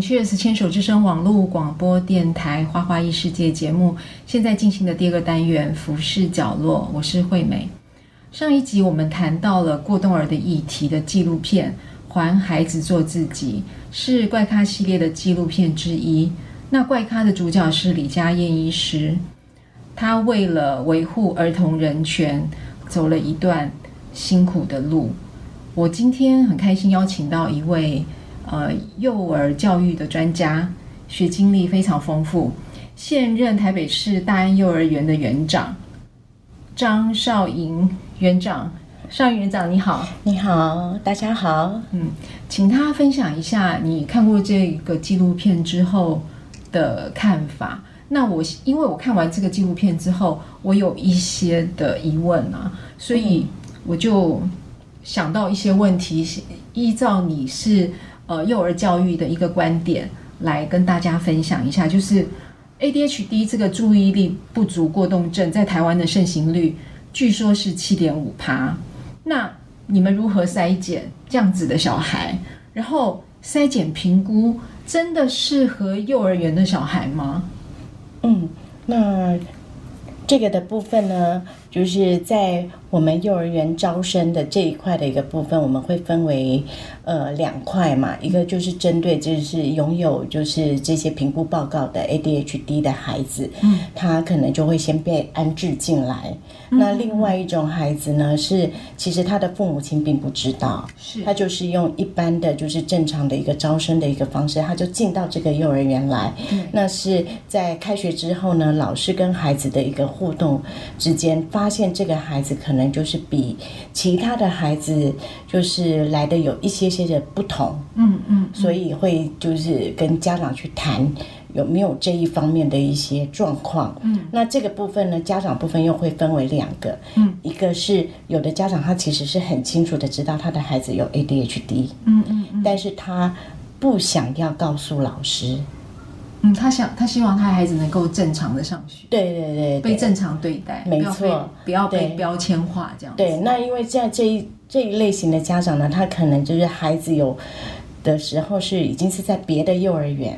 Cheers 是牽手之聲網絡廣播電臺《花花異世界》節目現在進行的第二個單元“浮世角落”，我是惠美。上一集我們談到了過動兒的議題的紀錄片《還孩子做自己》，是怪咖系列的紀錄片之一。那怪咖的主角是李佳燕醫師，她為了維護兒童人權，走了一段辛苦的路。我今天很開心邀請到一位，呃，幼兒教育的專家，學經歷非常豐富，現任台北市大安幼兒園的園長張紹盈園長。紹園長，你好，你好，大家好。嗯，請他分享一下你看過這個紀錄片之後的看法。那我因為我看完這個紀錄片之後，我有一些的疑問啊，所以我就想到一些問題，依照你是。呃，幼兒教育的一個觀點來跟大家分享一下，就是 ADHD 這個注意力不足過動症在台灣的盛行率，據說是七點五趴。那你們如何篩檢這樣子的小孩？然後篩檢評估真的適合幼兒園的小孩嗎？嗯，那這個的部分呢？就是在我們幼兒園招生的這一塊的一個部分，我們會分為呃兩塊嘛，一個就是針對就是擁有就是這些評估報告的 ADHD 的孩子，嗯，他可能就會先被安置進來。那另外一種孩子呢，是其實他的父母親並不知道，是他就是用一般的就是正常的一個招生的一個方式，他就進到這個幼兒園來。那是在開學之後呢，老師跟孩子的一個互動之間發發現這個孩子可能就是比其他的孩子就是來的有一些些的不同，嗯嗯，嗯嗯，所以會就是跟家長去談有沒有這一方面的一些狀況，嗯，那這個部分呢，家長部分又會分為兩個，嗯，一個是有的家長他其實是很清楚的知道他的孩子有 ADHD，嗯嗯，嗯，但是他不想要告訴老師。嗯，他想，他希望他孩子能夠正常的上學，對，對對對，被正常對待。沒錯，不要被標籤化，對這樣。對，那因為在這一這一類型的家長呢，他可能就是孩子有的時候是已經是在別的幼兒園，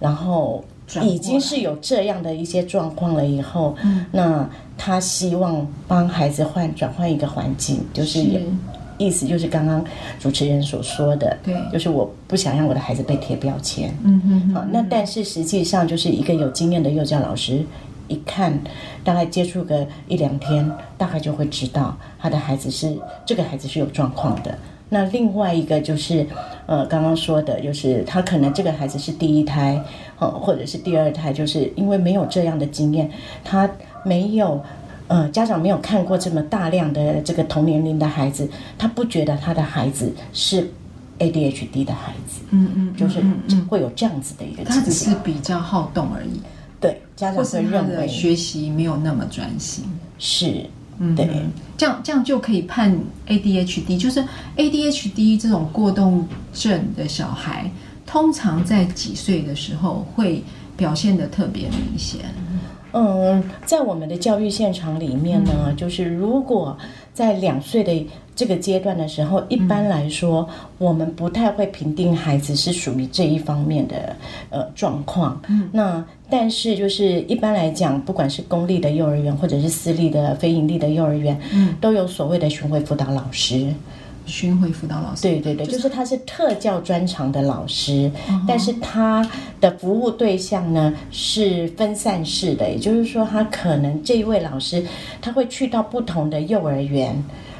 然後已經是有這樣的一些狀況了以後，那他希望幫孩子換轉換一個環境，就是意思就是剛剛主持人所說的，對，就是我不想讓我的孩子被貼標籤。嗯哼嗯哼，好、啊，那但是實際上就是一個有經驗的幼教老師，一看大概接觸個一兩天，大概就會知道他的孩子是這個孩子是有狀況的。那另外一個就是，呃，剛剛說的就是他可能這個孩子是第一胎，啊、或者是第二胎，就是因為沒有這樣的經驗，他沒有。呃、嗯，家長沒有看過這麼大量的這個同年齡的孩子，他不覺得他的孩子是 ADHD 的孩子。嗯嗯，嗯就是會有這樣子的一個。他只是比較好動而已。對，家長會認為是學習沒有那麼專心。是，對嗯，這樣這樣就可以判 ADHD，就是 ADHD 這種過動症的小孩，通常在幾歲的時候會表現得特別明顯？嗯，在我們的教育現場裡面呢，嗯、就是如果在兩歲的這個階段的時候，一般來說，嗯、我們不太會評定孩子是屬於這一方面的呃狀況。嗯、那但是就是一般來講，不管是公立的幼兒園或者是私立的非營利的幼兒園，嗯、都有所謂的巡回輔導老師。巡迴輔導老師，對對對，就是，就是他是特教專長的老師，但是他的服務對象呢、oh. 是分散式的，也就是說，他可能這一位老師他會去到不同的幼兒園，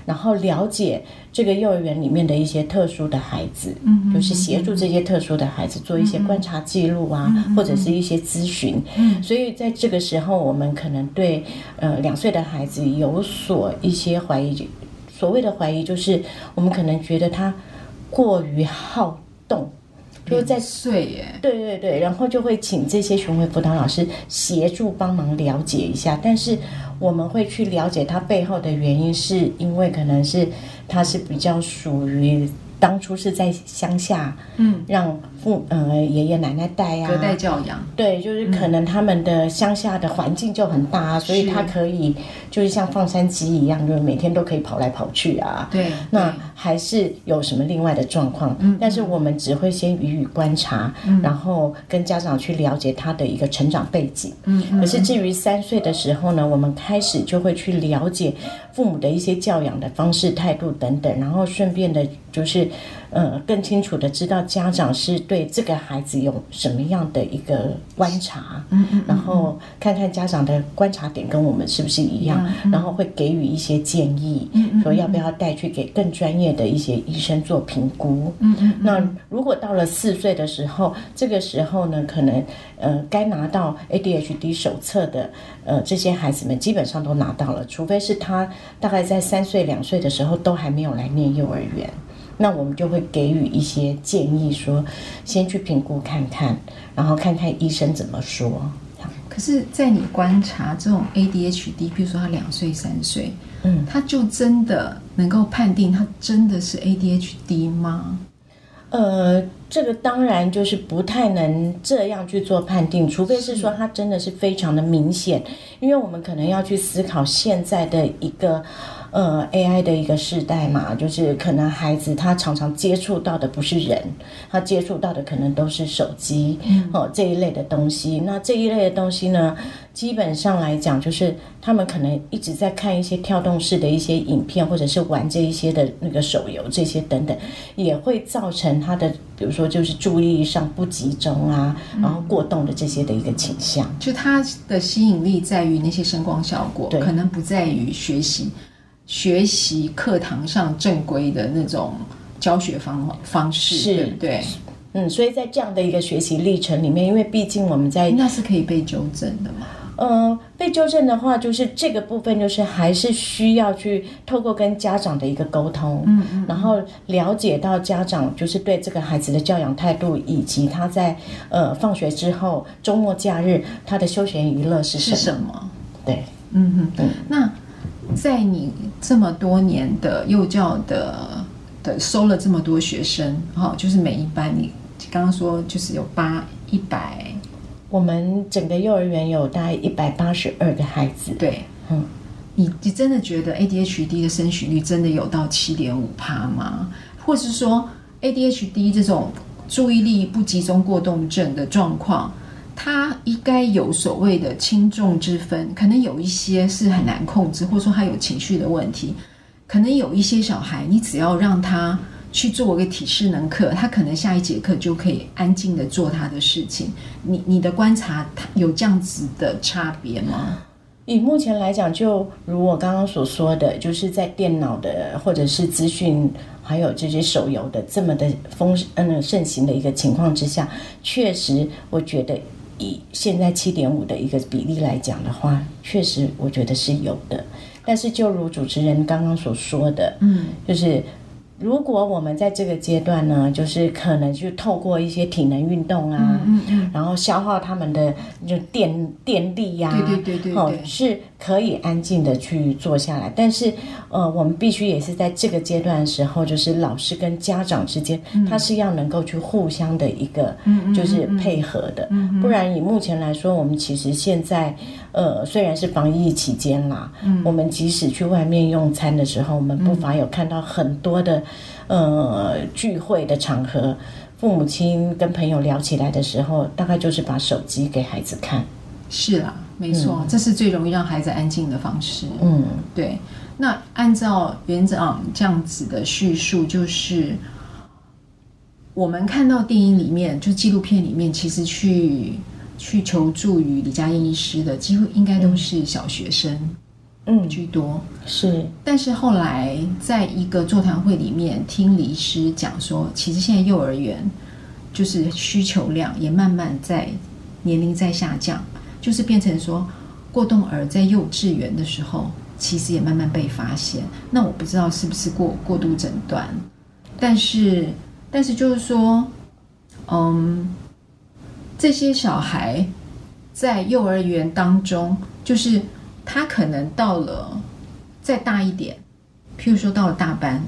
然後了解這個幼兒園裡面的一些特殊的孩子，嗯、mm，hmm. 就是協助這些特殊的孩子、mm hmm. 做一些觀察記錄啊，mm hmm. 或者是一些諮詢，嗯、mm，hmm. 所以在這個時候，我們可能對呃兩歲的孩子有所一些懷疑。所謂的懷疑就是，我們可能覺得他過於好動，就是在睡、嗯、耶。對對對，然後就會請這些巡回輔導老師協助幫忙了解一下，但是我們會去了解他背後的原因，是因為可能是他是比較屬於。當初是在鄉下，嗯，讓父呃爺爺奶奶帶呀、隔代教養，對，就是可能他們的鄉下的環境就很大，嗯，所以他可以是就是像放山雞一樣，就是、每天都可以跑來跑去啊。對，對那還是有什麼另外的狀況？嗯，但是我們只會先予以觀察，嗯，然後跟家長去了解他的一個成長背景。嗯哼，可是至於三歲的時候呢，我們開始就會去了解。父母的一些教養的方式、態度等等，然後順便的，就是，呃，更清楚的知道家長是對這個孩子有什麼樣的一個觀察，嗯嗯嗯。然後看看家長的觀察點跟我們是不是一樣，嗯嗯。然後會給予一些建議，嗯嗯。說要不要帶去給更專業的一些醫生做評估，嗯嗯嗯。那如果到了四歲的時候，這個時候呢，可能，呃，該拿到 ADHD 手冊的。呃，這些孩子們基本上都拿到了，除非是他大概在三歲、兩歲的時候都還沒有來念幼兒園，那我們就會給予一些建議說，說先去評估看看，然後看看醫生怎麼說。可是，在你觀察這種 ADHD，比如說他兩歲、三歲，嗯，他就真的能夠判定他真的是 ADHD 嗎？呃。這個當然就是不太能這樣去做判定，除非是說它真的是非常的明顯，是因為我們可能要去思考現在的一個呃 AI 的一個時代嘛，就是可能孩子他常常接觸到的不是人，他接觸到的可能都是手機、嗯、哦這一類的東西。那這一類的東西呢，基本上來講就是他們可能一直在看一些跳動式的一些影片，或者是玩這一些的那個手遊這些等等，也會造成他的。比如說，就是注意力上不集中啊，嗯、然後過動的這些的一個傾向，就它的吸引力在於那些聲光效果，對可能不在於學習，對學習課堂上正規的那種教學方方式，是，對不對？嗯，所以在這樣的一個學習歷程裡面，因為畢竟我們在那是可以被糾正的嘛。呃，被糾正的話，就是這個部分，就是還是需要去透過跟家長的一個溝通，嗯，嗯，然後了解到家長就是對這個孩子的教養態度，以及他在呃放學之後、週末假日他的休閒娛樂是什是什麼？對，嗯哼，對。那在你這麼多年的幼教的的收了這麼多學生，哈、哦，就是每一班你剛剛說就是有八一百。我們整個幼兒園有大概一百八十二個孩子。對，嗯，你你真的覺得 ADHD 的盛行率真的有到七點五趴嗎？或是說 ADHD 這種注意力不集中過動症的狀況，它應該有所謂的輕重之分？可能有一些是很難控制，或者說他有情緒的問題，可能有一些小孩，你只要讓他。去做一個體適能課，他可能下一節課就可以安靜地做他的事情。你你的觀察，他有這樣子的差別嗎？嗯。以目前來講，就如我剛剛所說的，就是在電腦的或者是資訊，還有這些手遊的這麼的風嗯盛行的一個情況之下，確實我覺得以現在七點五的一個比例來講的話，確實我覺得是有的。但是就如主持人剛剛所說的，嗯，就是。如果我們在這個階段呢，就是可能去透過一些體能運動啊，嗯嗯然後消耗他們的就電電力呀，啊，對，對，對，對，對，哦、是。可以安靜的去坐下來，但是，呃，我們必須也是在這個階段的時候，就是老師跟家長之間，嗯、他是要能夠去互相的一個，就是配合的，嗯嗯嗯，不然以目前來說，我們其實現在，呃，雖然是防疫期間啦，嗯、我們即使去外面用餐的時候，我們不乏有看到很多的，呃，聚會的場合，父母親跟朋友聊起來的時候，大概就是把手機給孩子看。是啦，沒錯，嗯、這是最容易讓孩子安靜的方式。嗯，對。那按照園長、啊、這樣子的敘述，就是我們看到電影裡面，就紀錄片裡面，其實去去求助於李佳燕醫師的，幾乎應該都是小學生，嗯，居多。是，但是後來在一個座談會裡面聽李醫師講說，其實現在幼兒園就是需求量也慢慢在年齡在下降。就是變成說，過動兒在幼稚園的時候，其實也慢慢被發現。那我不知道是不是過過度診斷，但是但是就是說，嗯，這些小孩在幼兒園當中，就是他可能到了再大一點，譬如說到了大班，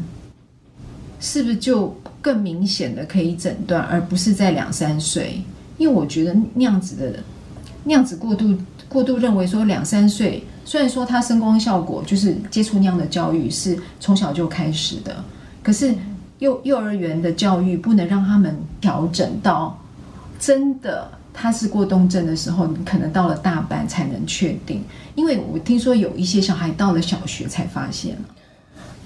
是不是就更明顯的可以診斷，而不是在兩三歲？因為我覺得那樣子的。那樣子過度過度認為說，兩三歲，雖然說他聲光效果就是接觸那樣的教育是從小就開始的，可是幼幼兒園的教育不能讓他們調整到真的他是過動症的時候，你可能到了大班才能確定。因為我聽說有一些小孩到了小學才發現，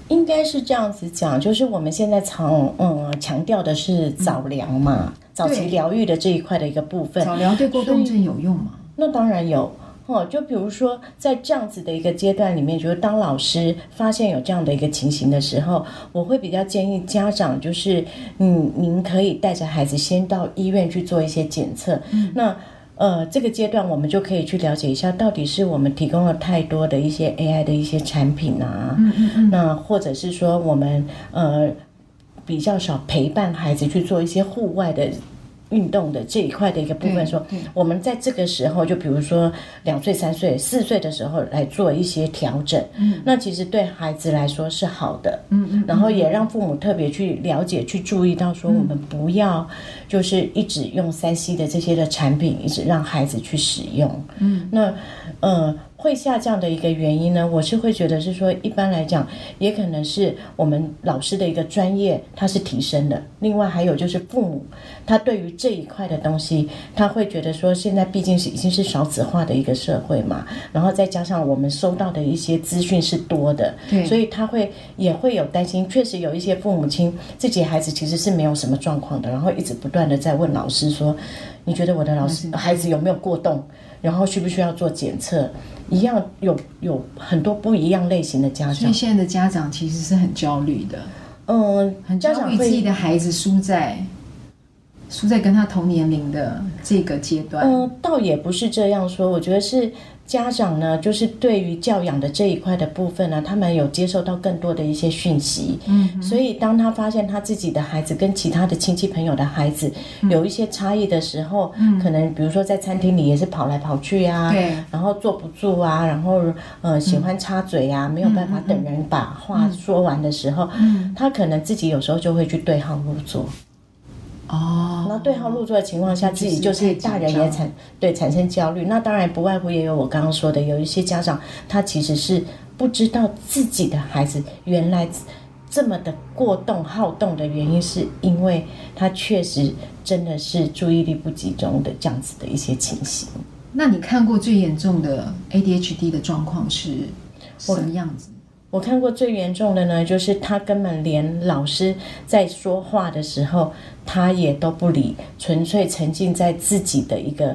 應該是這樣子講，就是我們現在常嗯強調的是早療嘛。早期療癒的這一塊的一個部分，早療對過動症有用嗎？那當然有哦。就比如說在這樣子的一個階段裡面，就是當老師發現有這樣的一個情形的時候，我會比較建議家長就是，嗯，您可以帶着孩子先到醫院去做一些檢測。嗯、那呃，這個階段我們就可以去了解一下，到底是我們提供了太多的一些 AI 的一些產品啊，嗯,嗯嗯。那或者是說我們呃比較少陪伴孩子去做一些戶外的。運動的這一塊的一個部分說，說我們在這個時候，就比如說兩歲、三歲、四歲的時候來做一些調整，嗯、那其實對孩子來說是好的。嗯嗯、然後也讓父母特別去了解、去注意到說，說、嗯、我們不要就是一直用三 C 的這些的產品，一直讓孩子去使用。嗯，那。嗯，會下降的一個原因呢，我是會覺得是說，一般來講，也可能是我們老師的一個專業，它是提升的。另外還有就是父母，他對於這一塊的東西，他會覺得說，現在畢竟是已經是少子化的一個社會嘛，然後再加上我們收到的一些資訊是多的，對所以他會也會有擔心。確實有一些父母親自己孩子其實是沒有什麼狀況的，然後一直不斷的在問老師說，你覺得我的老師孩子有沒有過動？然後需不需要做檢測，一樣有有很多不一樣類型的家長。所以現在的家長其實是很焦慮的，嗯、呃，很焦慮自己的孩子輸在輸在跟他同年齡的這個階段。嗯、呃，倒也不是這樣說，我覺得是。家長呢，就是對於教養的這一塊的部分呢，他們有接受到更多的一些訊息。嗯，所以當他發現他自己的孩子跟其他的親戚朋友的孩子有一些差異的時候，嗯，可能比如說在餐廳裡也是跑來跑去啊，嗯，然後坐不住啊，然後呃喜歡插嘴啊，嗯，沒有辦法等人把話說完的時候，嗯，嗯，他可能自己有時候就會去對號入座。哦，那、oh, 對號入座的情況下，嗯、自己就是大人也產，對，產生焦慮。那當然不外乎也有我剛剛說的，有一些家長他其實是不知道自己的孩子原來這麼的過動好動的原因，是因為他確實真的是注意力不集中的這樣子的一些情形。那你看過最嚴重的 ADHD 的狀況是什麼樣子？我看過最嚴重的呢，就是他根本連老師在說話的時候，他也都不理，純粹沉浸在自己的一個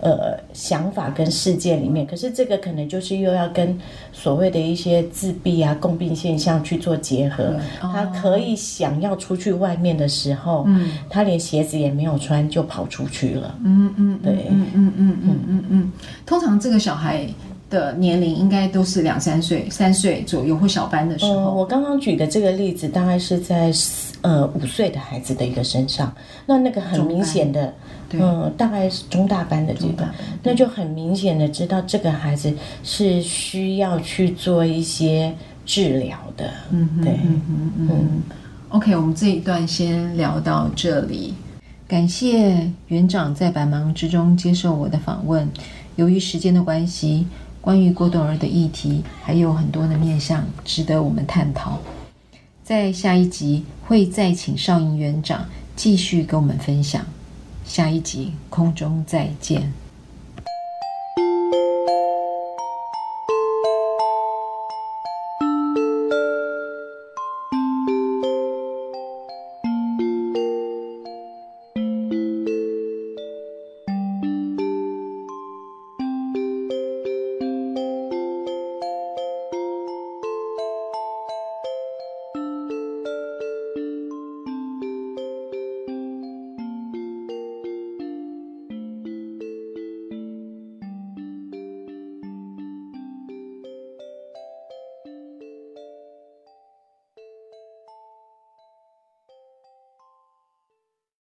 呃想法、跟世界裡面。可是這個可能就是又要跟所謂的一些自閉啊共病現象去做結合。嗯、哦、他可以想要出去外面的時候，嗯、他連鞋子也沒有穿就跑出去了。嗯嗯，嗯對，嗯嗯嗯嗯嗯嗯，嗯嗯嗯嗯通常這個小孩的年齡應該都是兩三歲、三歲左右，或小班的時候，嗯。我剛剛舉的這個例子，大概是在四，呃，五歲的孩子的一個身上，那那個很明顯的，嗯，大概是中大班的階段，嗯、那就很明顯的知道這個孩子是需要去做一些治療的。嗯，對，嗯，OK，我們這一段先聊到這裡，感謝園長在百忙之中接受我的訪問。由於時間的關係，關於過動兒的議題還有很多的面向值得我們探討，在下一集會再請紹盈園長繼續跟我們分享。下一集空中再見。